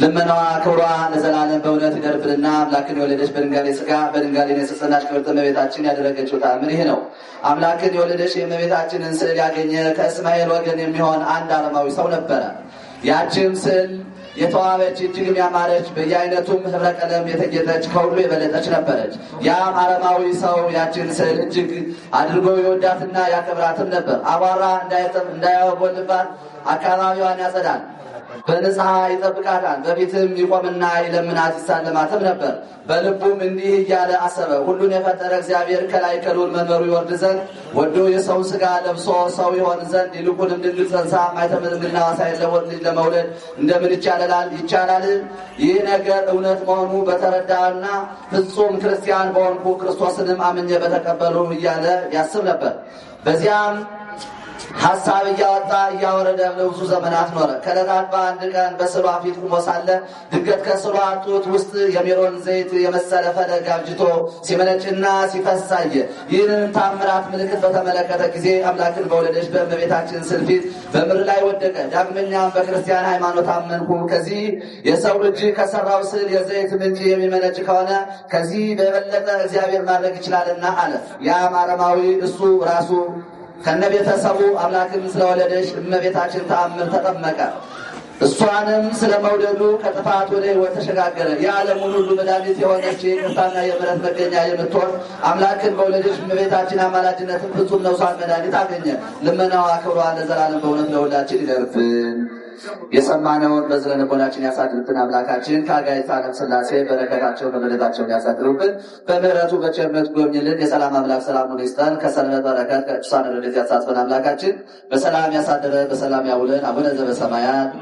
ልመናዋ ክብሯ ለዘላለም በእውነት ይደርብንና አምላክን የወለደች በድንጋሌ ስጋ በድንጋሌ የሰጸናች ክብርት እመቤታችን ያደረገችው ተአምር ይህ ነው። አምላክን የወለደች የእመቤታችንን ስዕል ያገኘ ከእስማኤል ወገን የሚሆን አንድ አረማዊ ሰው ነበረ። ያችም ስዕል የተዋበች እጅግም ያማረች በየአይነቱም ህብረ ቀለም የተጌጠች ከሁሉ የበለጠች ነበረች። ያም አረማዊ ሰው ያችን ስዕል እጅግ አድርጎ የወዳትና ያከብራትም ነበር። አቧራ እንዳያወጎልባት አካባቢዋን ያጸዳል። በንጽሐ ይጠብቃታል። በፊትም ይቆምና ይለምናት ይሳለማትም ነበር። በልቡም እንዲህ እያለ አሰበ፣ ሁሉን የፈጠረ እግዚአብሔር ከላይ ከልዑል መንበሩ ይወርድ ዘንድ ወዶ የሰው ስጋ ለብሶ ሰው ይሆን ዘንድ ይልቁንም ድንግል ጸንሳ ማኅተመ ድንግልና ሳይለወጥ ልጅ ለመውለድ እንደምን ይቻለላል ይቻላል? ይህ ነገር እውነት መሆኑ በተረዳና ፍጹም ክርስቲያን በሆንኩ ክርስቶስንም አምኜ በተቀበሉ እያለ ያስብ ነበር። በዚያም ሀሳብ እያወጣ እያወረደ ለብዙ ዘመናት ኖረ። ከዕለታት በአንድ ቀን በስሏ ፊት ቁሞ ሳለ ድንገት ከስሏ ጡት ውስጥ የሜሮን ዘይት የመሰለ ፈለግ አብጅቶ ሲመነጭና ሲፈሳየ። ይህንን ታምራት ምልክት በተመለከተ ጊዜ አምላክን በወለደች በእመቤታችን ስልፊት በምድር ላይ ወደቀ። ዳግመኛም በክርስቲያን ሃይማኖት አመንኩ። ከዚህ የሰው ልጅ ከሰራው ስዕል የዘይት ምንጭ የሚመነጭ ከሆነ ከዚህ በበለጠ እግዚአብሔር ማድረግ ይችላልና አለ። ያ አረማዊ እሱ ራሱ ከነ ቤተሰቡ ስለወለደች እመቤታችን ተአምር ተጠመቀ። እሷንም ስለ መውደዱ ከጥፋት ወደ ሕይወት ተሸጋገረ። የዓለሙን ሁሉ መድኃኒት የሆነች የይቅርታና የምሕረት መገኛ የምትሆን አምላክን በወለደች እመቤታችን አማላጅነትን ፍጹም ነውሷን መድኃኒት አገኘ። ልመናዋ ክብሯ ለዘላለም በእውነት ለሁላችን ይደርብን። የሰማነውን በዝነ ልቦናችን ያሳድርብን። አምላካችን ከአጋዕዝተ ዓለም ሥላሴ በረከታቸውን በበለታቸውን ያሳድሩብን። በምሕረቱ በቸርነት ጎብኝልን። የሰላም አምላክ ሰላሙን ይስጠን። ከሰንበት በረከት ከቅዱሳን ረድኤት ያሳትፈን። አምላካችን በሰላም ያሳደረ በሰላም ያውለን። አቡነ ዘበሰማያት